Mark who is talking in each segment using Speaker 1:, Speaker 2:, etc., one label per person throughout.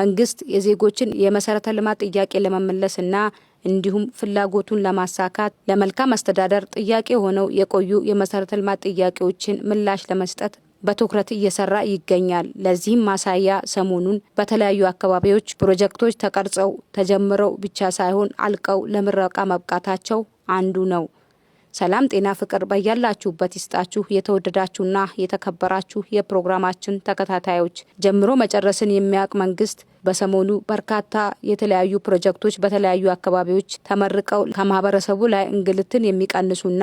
Speaker 1: መንግስት የዜጎችን የመሰረተ ልማት ጥያቄ ለመመለስ እና እንዲሁም ፍላጎቱን ለማሳካት ለመልካም አስተዳደር ጥያቄ ሆነው የቆዩ የመሰረተ ልማት ጥያቄዎችን ምላሽ ለመስጠት በትኩረት እየሰራ ይገኛል። ለዚህም ማሳያ ሰሞኑን በተለያዩ አካባቢዎች ፕሮጀክቶች ተቀርጸው ተጀምረው ብቻ ሳይሆን አልቀው ለምረቃ መብቃታቸው አንዱ ነው። ሰላም፣ ጤና፣ ፍቅር በያላችሁበት ይስጣችሁ። የተወደዳችሁና የተከበራችሁ የፕሮግራማችን ተከታታዮች ጀምሮ መጨረስን የሚያውቅ መንግስት በሰሞኑ በርካታ የተለያዩ ፕሮጀክቶች በተለያዩ አካባቢዎች ተመርቀው ከማህበረሰቡ ላይ እንግልትን የሚቀንሱና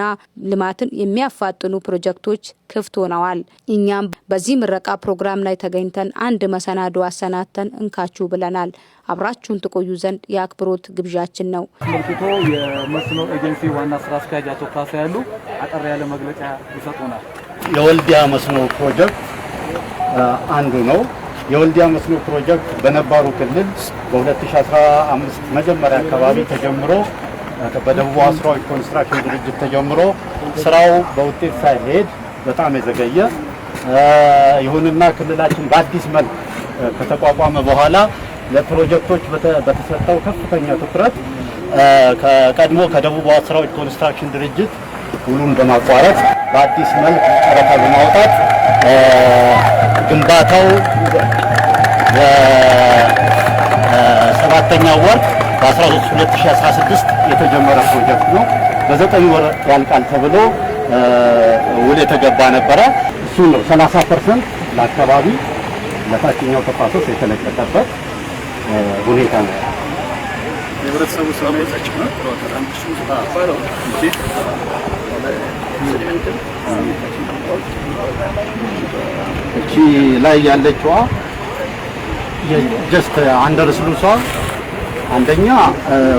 Speaker 1: ልማትን የሚያፋጥኑ ፕሮጀክቶች ክፍት ሆነዋል። እኛም በዚህ ምረቃ ፕሮግራም ላይ ተገኝተን አንድ መሰናዶ አሰናተን እንካችሁ ብለናል። አብራችሁን ትቆዩ ዘንድ የአክብሮት ግብዣችን ነው።
Speaker 2: አስመልክቶ የመስኖ ኤጀንሲ ዋና ስራ አስኪያጅ አቶ ካሳ ያሉ አጠር ያለ መግለጫ ይሰጡናል። የወልዲያ መስኖ ፕሮጀክት አንዱ ነው። የወልዲያ መስኖ ፕሮጀክት በነባሩ ክልል በ2015 መጀመሪያ አካባቢ ተጀምሮ በደቡብ አስራዎች ኮንስትራክሽን ድርጅት ተጀምሮ ስራው በውጤት ሳይሄድ በጣም የዘገየ ይሁንና ክልላችን በአዲስ መልክ ከተቋቋመ በኋላ ለፕሮጀክቶች በተሰጠው ከፍተኛ ትኩረት ከቀድሞ ከደቡብ አስራዎች ኮንስትራክሽን ድርጅት ውሉን በማቋረጥ በአዲስ መልክ ጨረታ በማውጣት ግንባታው በሰባተኛው ወር በ2016 የተጀመረ ፕሮጀክት ነው። በዘጠኝ ወር ያልቃል ተብሎ ውል የተገባ ነበረ። እሱ ነው 30 ፐርሰንት ለአካባቢ ለታችኛው ተፋሰስ የተለቀቀበት ሁኔታ ነው። የህብረተሰቡ እቺ ላይ ያለችዋ የጀስት አንደር ስሉሷ አንደኛ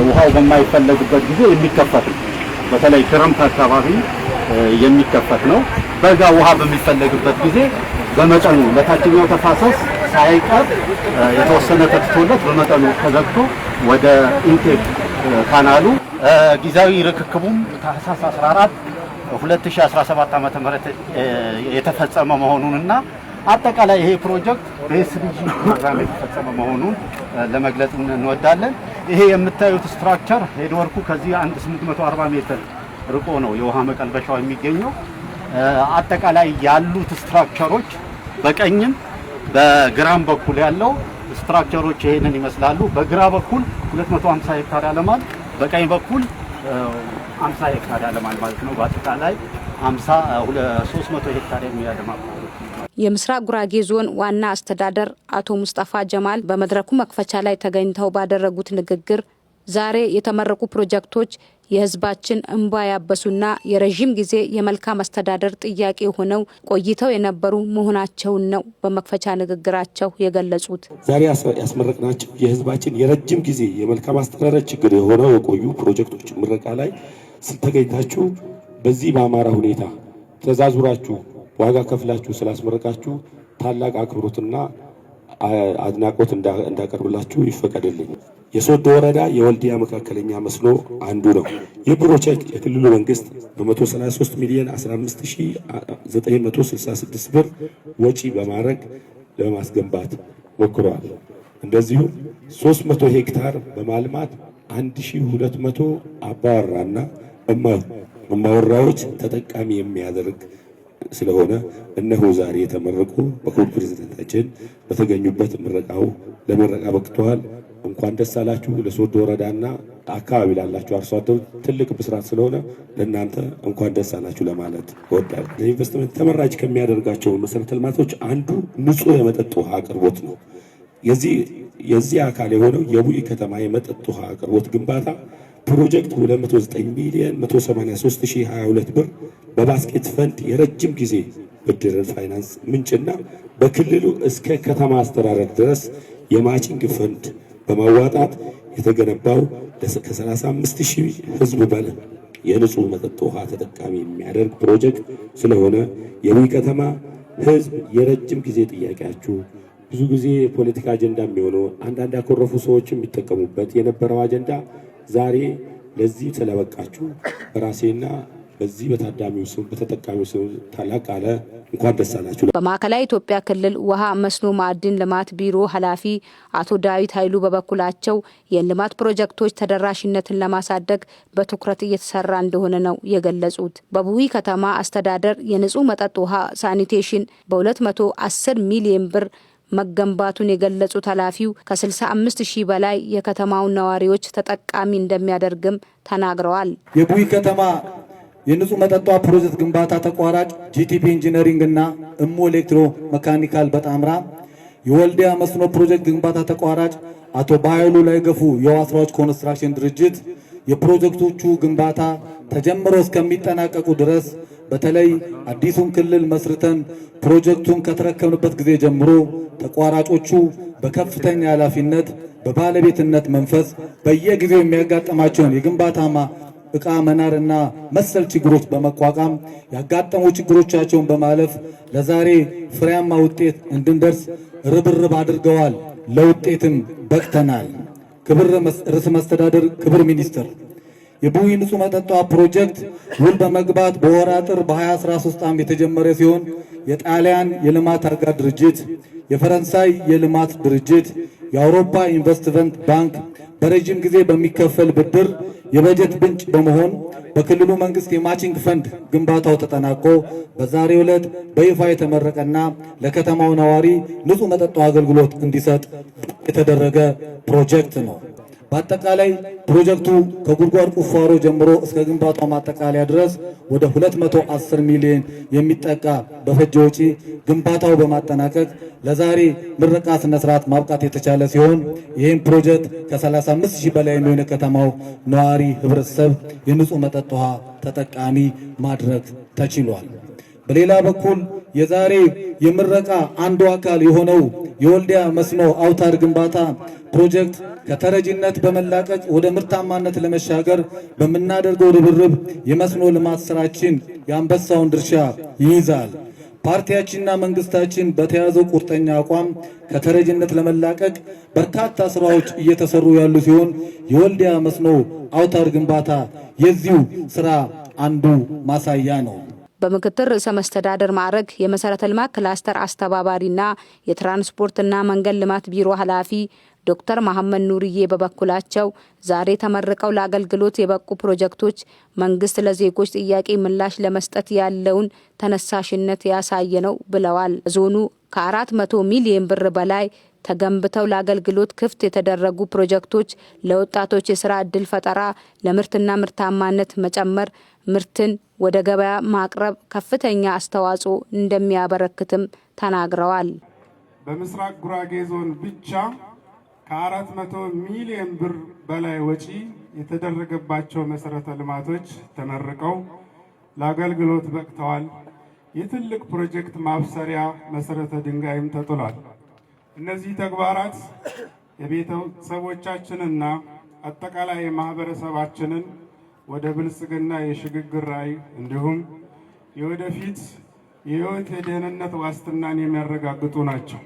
Speaker 2: ውሃው በማይፈለግበት ጊዜ የሚከፈት ነው። በተለይ ክረምት አካባቢ የሚከፈት ነው። በጋ ውሃ በሚፈለግበት ጊዜ በመጠኑ ለታችኛው ተፋሰስ ሳይቀር የተወሰነ ተትቶለት በመጠኑ ተዘግቶ ወደ ኢንቴክ ካናሉ ጊዜያዊ ርክክቡም ታህሳስ 14 2017 ዓ ም የተፈጸመ መሆኑንና አጠቃላይ ይሄ ፕሮጀክት በኤስዲጂ ፕሮግራም የተፈጸመ መሆኑን ለመግለጽ እንወዳለን። ይሄ የምታዩት ስትራክቸር ሄድወርኩ ከዚህ 1840 ሜትር ርቆ ነው የውሃ መቀልበሻው የሚገኘው። አጠቃላይ ያሉት ስትራክቸሮች በቀኝም በግራም በኩል ያለው ስትራክቸሮች ይሄንን ይመስላሉ። በግራ በኩል 250 ሄክታር ያለማል፣ በቀኝ በኩል 50 ሄክታር ያለማል ማለት ነው። በአጠቃላይ 300 ሄክታር የሚያለማ
Speaker 1: የምስራቅ ጉራጌ ዞን ዋና አስተዳደር አቶ ሙስጠፋ ጀማል በመድረኩ መክፈቻ ላይ ተገኝተው ባደረጉት ንግግር ዛሬ የተመረቁ ፕሮጀክቶች የህዝባችን እንባ ያበሱና የረዥም ጊዜ የመልካም አስተዳደር ጥያቄ ሆነው ቆይተው የነበሩ መሆናቸውን ነው በመክፈቻ ንግግራቸው የገለጹት።
Speaker 2: ዛሬ ያስመረቅናቸው የህዝባችን የረጅም ጊዜ የመልካም አስተዳደር ችግር የሆነው የቆዩ ፕሮጀክቶች ምረቃ ላይ ተገኝታችሁ በዚህ በአማራ ሁኔታ ተዛዙራችሁ ዋጋ ከፍላችሁ ስላስመረቃችሁ ታላቅ አክብሮትና አድናቆት እንዳቀርብላችሁ ይፈቀድልኝ። የሶዶ ወረዳ የወልዲያ መካከለኛ መስኖ አንዱ ነው። ይህ ፕሮጀክት የክልሉ መንግስት በ133 ሚሊዮን 15966 ብር ወጪ በማድረግ ለማስገንባት ሞክረዋል። እንደዚሁም 300 ሄክታር በማልማት 1200 አባወራና እማወራዎች ተጠቃሚ የሚያደርግ ስለሆነ እነሆ ዛሬ የተመረቁ በክቡር ፕሬዝዳንታችን በተገኙበት ምረቃው ለምረቃ በቅተዋል። እንኳን ደስ አላችሁ። ለሶዶ ወረዳና አካባቢ ላላችሁ አርሶ አደሩ ትልቅ ብስራት ስለሆነ ለእናንተ እንኳን ደስ አላችሁ ለማለት ወዳል። ለኢንቨስትመንት ተመራጭ ከሚያደርጋቸው መሰረተ ልማቶች አንዱ ንጹህ የመጠጥ ውሃ አቅርቦት ነው። የዚህ አካል የሆነው የቡይ ከተማ የመጠጥ ውሃ አቅርቦት ግንባታ ፕሮጀክት 209 ሚሊዮን 183022 ብር በባስኬት ፈንድ የረጅም ጊዜ ብድርን ፋይናንስ ምንጭና በክልሉ እስከ ከተማ አስተዳደር ድረስ የማቺንግ ፈንድ በማዋጣት የተገነባው ከ35 ሺህ ሕዝብ በላይ የንጹህ መጠጥ ውሃ ተጠቃሚ የሚያደርግ ፕሮጀክት ስለሆነ የቡኢ ከተማ ሕዝብ የረጅም ጊዜ ጥያቄያችሁ ብዙ ጊዜ የፖለቲካ አጀንዳ የሚሆነው አንዳንድ ያኮረፉ ሰዎች የሚጠቀሙበት የነበረው አጀንዳ ዛሬ ለዚህ ስለበቃችሁ በራሴና በዚህ በታዳሚው ስም በተጠቃሚው ስም ታላቅ አለ እንኳን ደስ አላችሁ።
Speaker 1: በማዕከላዊ ኢትዮጵያ ክልል ውሃ መስኖ፣ ማዕድን ልማት ቢሮ ኃላፊ አቶ ዳዊት ኃይሉ በበኩላቸው የልማት ፕሮጀክቶች ተደራሽነትን ለማሳደግ በትኩረት እየተሰራ እንደሆነ ነው የገለጹት። በቡዊ ከተማ አስተዳደር የንጹህ መጠጥ ውሃ ሳኒቴሽን በ210 ሚሊዮን ብር መገንባቱን የገለጹት ኃላፊው ከ65 ሺህ በላይ የከተማውን ነዋሪዎች ተጠቃሚ እንደሚያደርግም ተናግረዋል።
Speaker 2: የቡኢ ከተማ የንጹህ መጠጧ ፕሮጀክት ግንባታ ተቋራጭ ጂቲፒ ኢንጂነሪንግ እና እሞ ኤሌክትሮ መካኒካል በጣምራ የወልዲያ መስኖ ፕሮጀክት ግንባታ ተቋራጭ አቶ ባይሉ ላይ ገፉ የውሃ ስራዎች ኮንስትራክሽን ድርጅት የፕሮጀክቶቹ ግንባታ ተጀምሮ እስከሚጠናቀቁ ድረስ በተለይ አዲሱን ክልል መስርተን ፕሮጀክቱን ከተረከምንበት ጊዜ ጀምሮ ተቋራጮቹ በከፍተኛ ኃላፊነት በባለቤትነት መንፈስ በየጊዜው የሚያጋጥማቸውን የግንባታ ዕቃ መናር እና መሰል ችግሮች በመቋቋም ያጋጠሙ ችግሮቻቸውን በማለፍ ለዛሬ ፍሬያማ ውጤት እንድንደርስ ርብርብ አድርገዋል። ለውጤትም በቅተናል። ክብር ርዕሰ መስተዳደር ክብር ሚኒስትር የቡይ ንጹህ መጠጣ ፕሮጀክት ውል በመግባት በወር አጥር በ2013 ዓም የተጀመረ ሲሆን የጣሊያን የልማት አጋር ድርጅት፣ የፈረንሳይ የልማት ድርጅት፣ የአውሮፓ ኢንቨስትመንት ባንክ በረጅም ጊዜ በሚከፈል ብድር የበጀት ምንጭ በመሆን በክልሉ መንግስት የማቺንግ ፈንድ ግንባታው ተጠናቆ በዛሬ ዕለት በይፋ የተመረቀና ለከተማው ነዋሪ ንጹህ መጠጥ አገልግሎት እንዲሰጥ የተደረገ ፕሮጀክት ነው። በአጠቃላይ ፕሮጀክቱ ከጉድጓድ ቁፋሮ ጀምሮ እስከ ግንባታው ማጠቃለያ ድረስ ወደ 210 ሚሊዮን የሚጠቃ በፈጀ ወጪ ግንባታው በማጠናቀቅ ለዛሬ ምረቃ ስነ ስርዓት ማብቃት የተቻለ ሲሆን ይህም ፕሮጀክት ከ35 ሺህ በላይ የሚሆን የከተማው ነዋሪ ህብረተሰብ የንጹህ መጠጥ ውሃ ተጠቃሚ ማድረግ ተችሏል። በሌላ በኩል የዛሬ የምረቃ አንዱ አካል የሆነው የወልዲያ መስኖ አውታር ግንባታ ፕሮጀክት ከተረጂነት በመላቀቅ ወደ ምርታማነት ለመሻገር በምናደርገው ርብርብ የመስኖ ልማት ስራችን የአንበሳውን ድርሻ ይይዛል። ፓርቲያችንና መንግስታችን በተያዘው ቁርጠኛ አቋም ከተረጅነት ለመላቀቅ በርካታ ስራዎች እየተሰሩ ያሉ ሲሆን የወልዲያ መስኖ አውታር ግንባታ የዚሁ ስራ አንዱ ማሳያ ነው።
Speaker 1: በምክትል ርዕሰ መስተዳደር ማዕረግ የመሰረተ ልማት ክላስተር አስተባባሪና የትራንስፖርትና መንገድ ልማት ቢሮ ኃላፊ ዶክተር መሐመድ ኑርዬ በበኩላቸው ዛሬ ተመርቀው ለአገልግሎት የበቁ ፕሮጀክቶች መንግስት ለዜጎች ጥያቄ ምላሽ ለመስጠት ያለውን ተነሳሽነት ያሳየ ነው ብለዋል። ዞኑ ከአራት መቶ ሚሊዮን ብር በላይ ተገንብተው ለአገልግሎት ክፍት የተደረጉ ፕሮጀክቶች ለወጣቶች የስራ ዕድል ፈጠራ፣ ለምርትና ምርታማነት መጨመር ምርትን ወደ ገበያ ማቅረብ ከፍተኛ አስተዋጽኦ እንደሚያበረክትም ተናግረዋል።
Speaker 3: በምስራቅ ጉራጌ ዞን ብቻ ከአራት መቶ ሚሊዮን ብር በላይ ወጪ የተደረገባቸው መሰረተ ልማቶች ተመርቀው ለአገልግሎት በቅተዋል። የትልቅ ፕሮጀክት ማብሰሪያ መሰረተ ድንጋይም ተጥሏል። እነዚህ ተግባራት የቤተሰቦቻችንና አጠቃላይ ማህበረሰባችንን ወደ ብልጽግና የሽግግር ራዕይ እንዲሁም የወደፊት የህይወት የደህንነት ዋስትናን የሚያረጋግጡ ናቸው።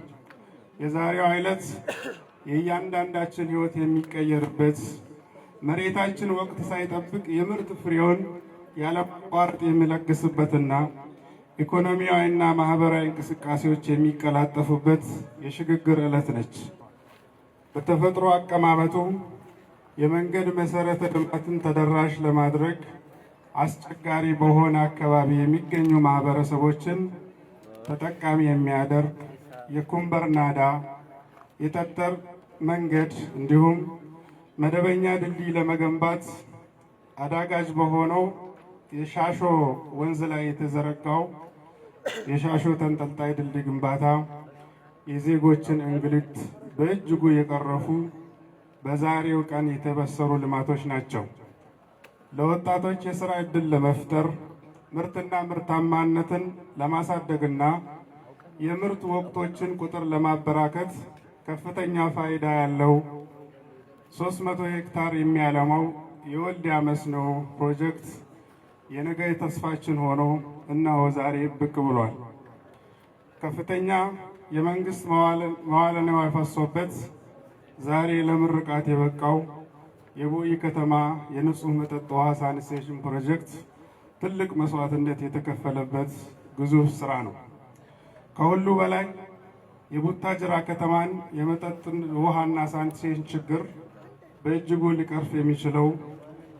Speaker 3: የዛሬዋ ዕለት የእያንዳንዳችን ህይወት የሚቀየርበት መሬታችን ወቅት ሳይጠብቅ የምርት ፍሬውን ያለቋርጥ የሚለግስበትና ኢኮኖሚያዊና ማህበራዊ እንቅስቃሴዎች የሚቀላጠፉበት የሽግግር ዕለት ነች። በተፈጥሮ አቀማመጡ የመንገድ መሰረተ ልማትን ተደራሽ ለማድረግ አስቸጋሪ በሆነ አካባቢ የሚገኙ ማህበረሰቦችን ተጠቃሚ የሚያደርግ የኩምበር ናዳ የጠጠር መንገድ እንዲሁም መደበኛ ድልድይ ለመገንባት አዳጋጅ በሆነው የሻሾ ወንዝ ላይ የተዘረጋው የሻሾ ተንጠልጣይ ድልድይ ግንባታ የዜጎችን እንግልት በእጅጉ የቀረፉ በዛሬው ቀን የተበሰሩ ልማቶች ናቸው። ለወጣቶች የሥራ ዕድል ለመፍጠር ምርትና ምርታማነትን ለማሳደግና የምርት ወቅቶችን ቁጥር ለማበራከት ከፍተኛ ፋይዳ ያለው 300 ሄክታር የሚያለማው የወልዲያ መስኖ ፕሮጀክት የነገ ተስፋችን ሆኖ እነሆ ዛሬ ብቅ ብሏል። ከፍተኛ የመንግስት መዋለ ንዋይ ፈሶበት ዛሬ ለምርቃት የበቃው የቦይ ከተማ የንጹህ መጠጥ ውሃ ሳኒቴሽን ፕሮጀክት ትልቅ መስዋዕትነት የተከፈለበት ግዙፍ ስራ ነው። ከሁሉ በላይ የቡታጅራ ከተማን የመጠጥ ውሃና ሳኒቴሽን ችግር በእጅጉ ሊቀርፍ የሚችለው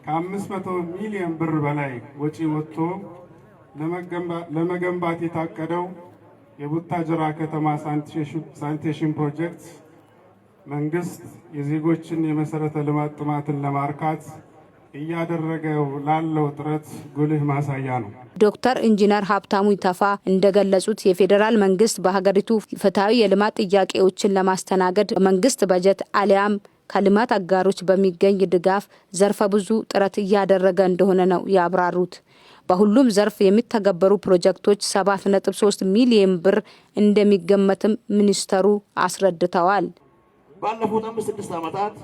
Speaker 3: ከ500 ሚሊዮን ብር በላይ ወጪ ወጥቶ ለመገንባት የታቀደው የቡታጅራ ከተማ ሳኒቴሽን ፕሮጀክት መንግስት የዜጎችን የመሰረተ ልማት ጥማትን ለማርካት እያደረገው ላለው ጥረት ጉልህ ማሳያ ነው።
Speaker 1: ዶክተር ኢንጂነር ሀብታሙ ይተፋ እንደገለጹት የፌዴራል መንግስት በሀገሪቱ ፍትሐዊ የልማት ጥያቄዎችን ለማስተናገድ በመንግስት በጀት አሊያም ከልማት አጋሮች በሚገኝ ድጋፍ ዘርፈ ብዙ ጥረት እያደረገ እንደሆነ ነው ያብራሩት። በሁሉም ዘርፍ የሚተገበሩ ፕሮጀክቶች 7.3 ሚሊዮን ብር እንደሚገመትም ሚኒስተሩ አስረድተዋል።
Speaker 2: ባለፉት አምስት ስድስት ዓመታት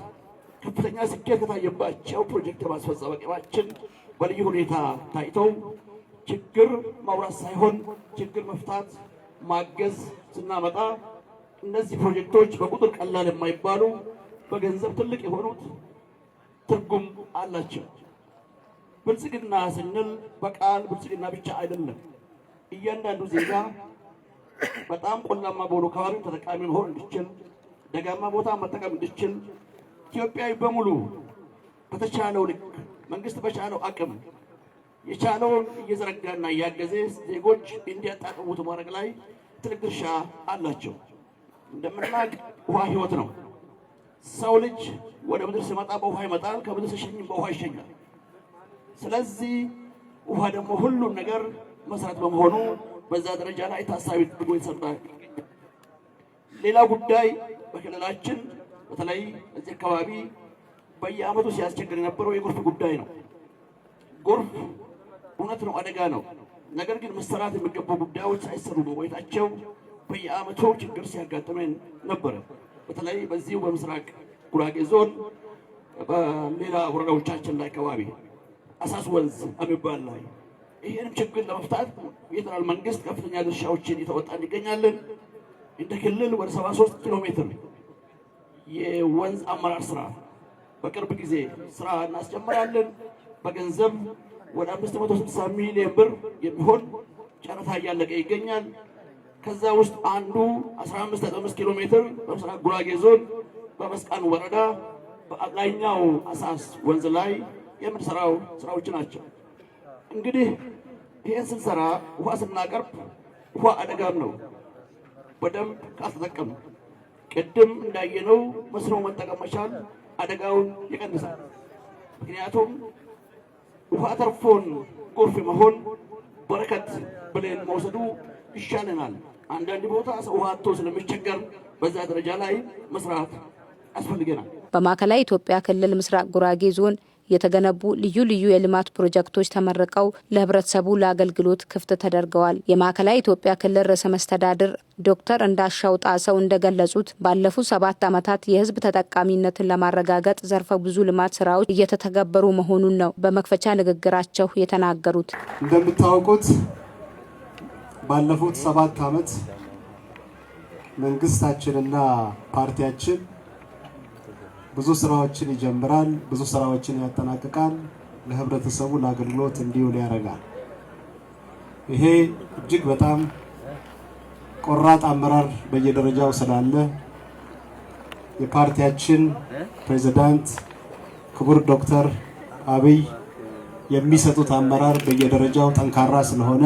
Speaker 2: ከፍተኛ ስኬት ከታየባቸው ፕሮጀክት የማስፈጸም አቅማችን በልዩ ሁኔታ ታይተው ችግር ማውራት ሳይሆን ችግር መፍታት ማገዝ ስናመጣ እነዚህ ፕሮጀክቶች በቁጥር ቀላል የማይባሉ በገንዘብ ትልቅ የሆኑት ትርጉም አላቸው። ብልጽግና ስንል በቃል ብልጽግና ብቻ አይደለም። እያንዳንዱ ዜጋ በጣም ቆላማ በሆኑ አካባቢ ተጠቃሚ መሆን እንዲችል ደጋማ ቦታ መጠቀም እንድችል ኢትዮጵያዊ በሙሉ በተቻለው ልክ መንግስት በቻለው አቅም የቻለውን እየዘረጋና እያገዘ ዜጎች እንዲያጣቀሙት ማድረግ ላይ ትልቅ ድርሻ አላቸው። እንደምናውቅ ውሃ ህይወት ነው። ሰው ልጅ ወደ ምድር ሲመጣ በውሃ ይመጣል፣ ከምድር ሲሸኝም በውሃ ይሸኛል። ስለዚህ ውሃ ደግሞ ሁሉን ነገር መሰረት በመሆኑ በዛ ደረጃ ላይ ታሳቢ አድርጎ የተሰራ ሌላ ጉዳይ በክልላችን በተለይ እዚህ አካባቢ በየአመቱ ሲያስቸግር የነበረው የጎርፍ ጉዳይ ነው። ጎርፍ እውነት ነው፣ አደጋ ነው። ነገር ግን መሰራት የሚገባው ጉዳዮች ሳይሰሩ መቆየታቸው በየአመቱ ችግር ሲያጋጥመን ነበረ። በተለይ በዚሁ በምስራቅ ጉራጌ ዞን በሌላ ወረዳዎቻችን ላይ አካባቢ አሳስ ወንዝ የሚባል ላይ ይህንም ችግር ለመፍታት የፌደራል መንግስት ከፍተኛ ድርሻዎችን እየተወጣ እንገኛለን። እንደ ክልል ወደ 73 ኪሎ ሜትር የወንዝ አመራር ስራ በቅርብ ጊዜ ስራ እናስጀምራለን። በገንዘብ ወደ 560 ሚሊዮን ብር የሚሆን ጨረታ እያለቀ ይገኛል። ከዛ ውስጥ አንዱ 15.5 ኪሎ ሜትር በምስራቅ ጉራጌ ዞን በመስቃን ወረዳ በአቅላኛው አሳስ ወንዝ ላይ የምንሰራው ስራዎች ናቸው። እንግዲህ ይህን ስንሰራ ውሃ ስናቀርብ ውሃ አደጋም ነው በደንብ ካስጠቀም ቅድም እንዳየነው መስኖ መጠቀም መቻል አደጋውን ይቀንሳል። ምክንያቱም ውሃ ተርፎን ጎርፍ መሆን በረከት ብለን መውሰዱ ይሻለናል። አንዳንድ ቦታ ሰው ውሃ አጥቶ ስለሚቸገር በዛ ደረጃ ላይ መስራት ያስፈልገናል።
Speaker 1: በማዕከላዊ ኢትዮጵያ ክልል ምስራቅ ጉራጌ ዞን የተገነቡ ልዩ ልዩ የልማት ፕሮጀክቶች ተመርቀው ለህብረተሰቡ ለአገልግሎት ክፍት ተደርገዋል። የማዕከላዊ ኢትዮጵያ ክልል ርዕሰ መስተዳድር ዶክተር እንዳሻው ጣሰው እንደገለጹት ባለፉት ሰባት ዓመታት የህዝብ ተጠቃሚነትን ለማረጋገጥ ዘርፈ ብዙ ልማት ስራዎች እየተተገበሩ መሆኑን ነው በመክፈቻ ንግግራቸው የተናገሩት።
Speaker 2: እንደምታውቁት ባለፉት ሰባት ዓመት መንግስታችንና ፓርቲያችን ብዙ ስራዎችን ይጀምራል፣ ብዙ ስራዎችን ያጠናቅቃል፣ ለህብረተሰቡ ለአገልግሎት እንዲውል ያደርጋል። ይሄ እጅግ በጣም ቆራጥ አመራር በየደረጃው ስላለ የፓርቲያችን ፕሬዚዳንት ክቡር ዶክተር አብይ የሚሰጡት አመራር በየደረጃው ጠንካራ ስለሆነ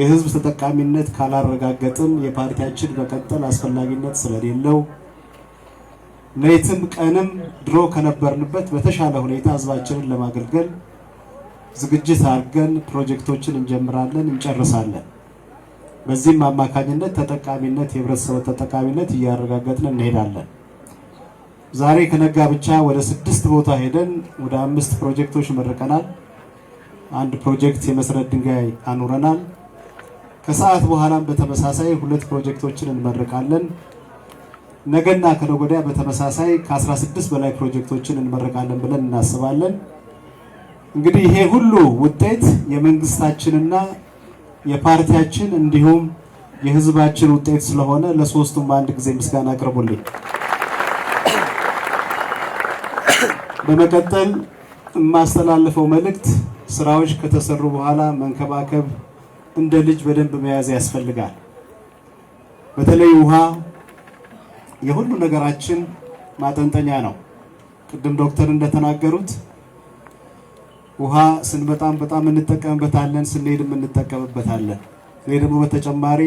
Speaker 2: የህዝብ ተጠቃሚነት ካላረጋገጥን የፓርቲያችን መቀጠል አስፈላጊነት ስለሌለው ሌትም ቀንም ድሮ ከነበርንበት በተሻለ ሁኔታ ህዝባችንን ለማገልገል ዝግጅት አድርገን ፕሮጀክቶችን እንጀምራለን፣ እንጨርሳለን። በዚህም አማካኝነት ተጠቃሚነት የህብረተሰቡ ተጠቃሚነት እያረጋገጥን እንሄዳለን። ዛሬ ከነጋ ብቻ ወደ ስድስት ቦታ ሄደን ወደ አምስት ፕሮጀክቶች መርቀናል። አንድ ፕሮጀክት የመሰረት ድንጋይ አኑረናል። ከሰዓት በኋላም በተመሳሳይ ሁለት ፕሮጀክቶችን እንመርቃለን። ነገና ከነገ ወዲያ በተመሳሳይ ከ16 በላይ ፕሮጀክቶችን እንመረቃለን ብለን እናስባለን። እንግዲህ ይሄ ሁሉ ውጤት የመንግስታችንና የፓርቲያችን እንዲሁም የህዝባችን ውጤት ስለሆነ ለሶስቱም በአንድ ጊዜ ምስጋና አቅርቡልኝ። በመቀጠል የማስተላልፈው መልእክት ስራዎች ከተሰሩ በኋላ መንከባከብ እንደ ልጅ በደንብ መያዝ ያስፈልጋል። በተለይ ውሃ የሁሉ ነገራችን ማጠንጠኛ ነው። ቅድም ዶክተር እንደተናገሩት ውሃ ስንመጣም በጣም እንጠቀምበታለን፣ ስንሄድም እንጠቀምበታለን። እኔ ደግሞ በተጨማሪ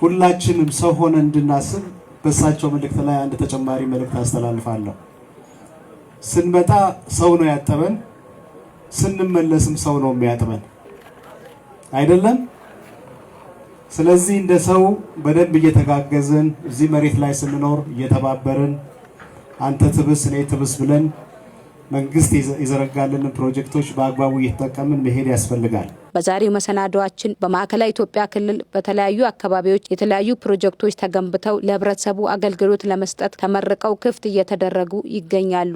Speaker 2: ሁላችንም ሰው ሆነ እንድናስብ በእሳቸው መልእክት ላይ አንድ ተጨማሪ መልእክት አስተላልፋለሁ። ስንመጣ ሰው ነው ያጠበን፣ ስንመለስም ሰው ነው የሚያጥበን አይደለም። ስለዚህ እንደ ሰው በደንብ እየተጋገዝን እዚህ መሬት ላይ ስንኖር እየተባበርን አንተ ትብስ እኔ ትብስ ብለን መንግስት የዘረጋልን ፕሮጀክቶች በአግባቡ እየተጠቀምን መሄድ ያስፈልጋል።
Speaker 1: በዛሬው መሰናዶዋችን በማዕከላዊ ኢትዮጵያ ክልል በተለያዩ አካባቢዎች የተለያዩ ፕሮጀክቶች ተገንብተው ለህብረተሰቡ አገልግሎት ለመስጠት ተመርቀው ክፍት እየተደረጉ ይገኛሉ።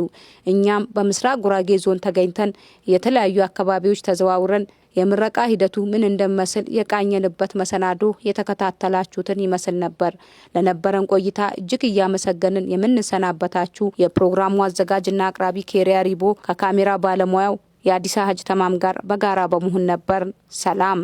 Speaker 1: እኛም በምስራቅ ጉራጌ ዞን ተገኝተን የተለያዩ አካባቢዎች ተዘዋውረን የምረቃ ሂደቱ ምን እንደሚመስል የቃኘንበት መሰናዶ የተከታተላችሁትን ይመስል ነበር። ለነበረን ቆይታ እጅግ እያመሰገንን የምንሰናበታችሁ የፕሮግራሙ አዘጋጅና አቅራቢ ኬሪያ ሪቦ ከካሜራ ባለሙያው የአዲስ ሀጅ ተማም ጋር በጋራ በመሆን ነበር። ሰላም።